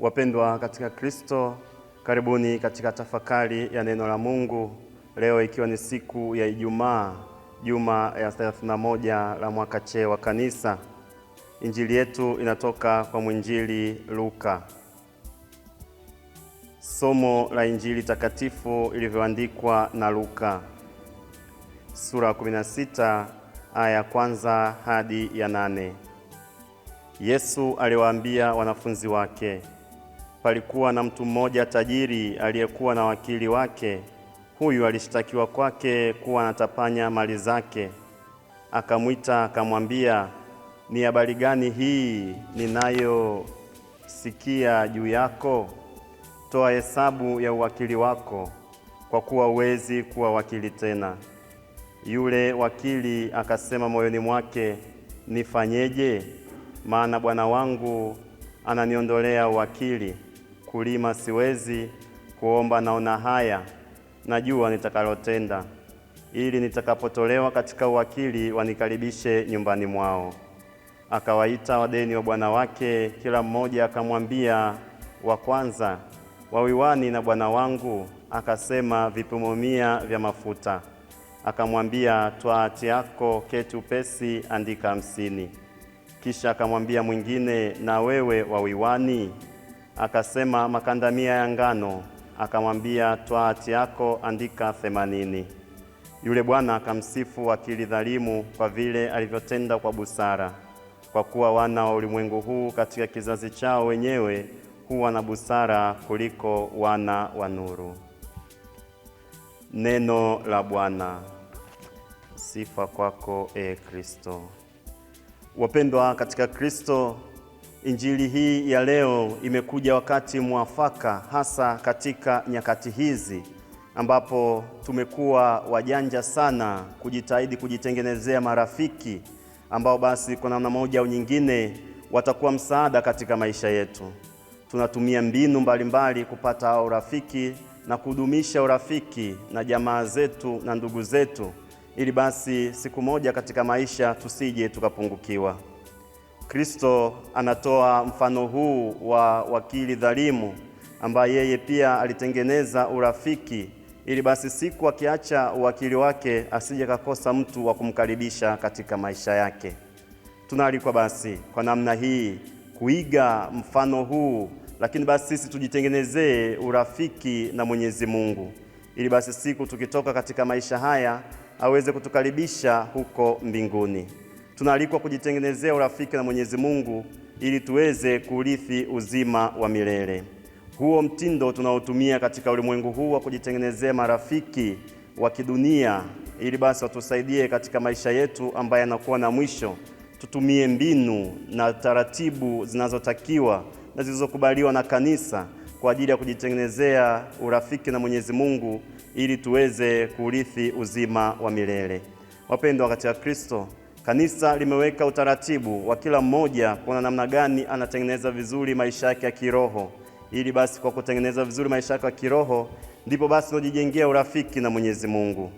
Wapendwa katika Kristo, karibuni katika tafakari ya neno la Mungu leo, ikiwa ni siku ya Ijumaa, juma ya 31 la mwaka C wa Kanisa. Injili yetu inatoka kwa mwinjili Luka. Somo la Injili takatifu ilivyoandikwa na Luka, sura 16 aya ya kwanza hadi ya nane. Yesu aliwaambia wanafunzi wake Palikuwa na mtu mmoja tajiri aliyekuwa na wakili wake. Huyu alishtakiwa kwake kuwa anatapanya mali zake. Akamwita akamwambia, ni habari gani hii ninayosikia juu yako? Toa hesabu ya uwakili wako, kwa kuwa huwezi kuwa wakili tena. Yule wakili akasema moyoni mwake, nifanyeje? Maana bwana wangu ananiondolea uwakili kulima siwezi, kuomba naona haya, najua nitakalotenda, ili nitakapotolewa katika uwakili wanikaribishe nyumbani mwao. Akawaita wadeni wa bwana wake, kila mmoja akamwambia wa kwanza, wawiwani na bwana wangu, akasema vipimo mia vya mafuta. Akamwambia, twaa hati yako, keti upesi, andika hamsini. Kisha akamwambia mwingine, na wewe wawiwani Akasema makandamia ya ngano, akamwambia twaati yako andika themanini. Yule bwana akamsifu akili dhalimu kwa vile alivyotenda kwa busara, kwa kuwa wana wa ulimwengu huu katika kizazi chao wenyewe huwa na busara kuliko wana wa nuru. Neno la Bwana. Sifa kwako, e Kristo. Wapendwa katika Kristo, Injili hii ya leo imekuja wakati mwafaka, hasa katika nyakati hizi ambapo tumekuwa wajanja sana kujitahidi kujitengenezea marafiki ambao basi kwa namna moja au nyingine watakuwa msaada katika maisha yetu. Tunatumia mbinu mbalimbali kupata urafiki na kudumisha urafiki na jamaa zetu na ndugu zetu, ili basi siku moja katika maisha tusije tukapungukiwa. Kristo anatoa mfano huu wa wakili dhalimu ambaye yeye pia alitengeneza urafiki ili basi siku akiacha uwakili wake asije kakosa mtu wa kumkaribisha katika maisha yake. Tunaalikwa basi kwa namna hii kuiga mfano huu, lakini basi sisi tujitengenezee urafiki na Mwenyezi Mungu ili basi siku tukitoka katika maisha haya aweze kutukaribisha huko mbinguni tunaalikwa kujitengenezea urafiki na Mwenyezi Mungu ili tuweze kurithi uzima wa milele. Huo mtindo tunaotumia katika ulimwengu huu wa kujitengenezea marafiki wa kidunia, ili basi watusaidie katika maisha yetu ambayo yanakuwa na mwisho, tutumie mbinu na taratibu zinazotakiwa na zilizokubaliwa na kanisa kwa ajili ya kujitengenezea urafiki na Mwenyezi Mungu ili tuweze kurithi uzima wa milele. Wapendwa katika Kristo, Kanisa limeweka utaratibu wa kila mmoja kuna namna gani anatengeneza vizuri maisha yake ya kiroho, ili basi kwa kutengeneza vizuri maisha yake ya kiroho ndipo basi unajijengea urafiki na Mwenyezi Mungu.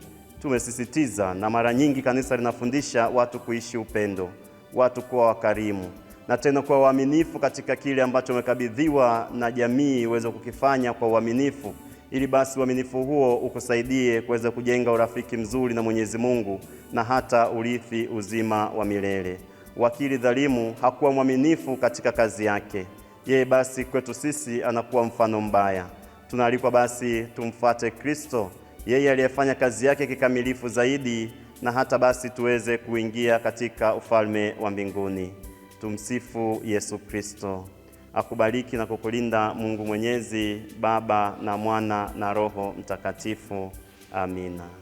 Tumesisitiza na mara nyingi kanisa linafundisha watu kuishi upendo, watu kuwa wakarimu na tena kuwa waaminifu katika kile ambacho umekabidhiwa na jamii uweze kukifanya kwa uaminifu ili basi uaminifu huo ukusaidie kuweza kujenga urafiki mzuri na Mwenyezi Mungu na hata urithi uzima wa milele. Wakili dhalimu hakuwa mwaminifu katika kazi yake, yeye basi kwetu sisi anakuwa mfano mbaya. Tunaalikwa basi tumfuate Kristo, yeye aliyefanya kazi yake kikamilifu zaidi, na hata basi tuweze kuingia katika ufalme wa mbinguni. Tumsifu Yesu Kristo. Akubariki na kukulinda Mungu Mwenyezi, Baba na Mwana na Roho Mtakatifu. Amina.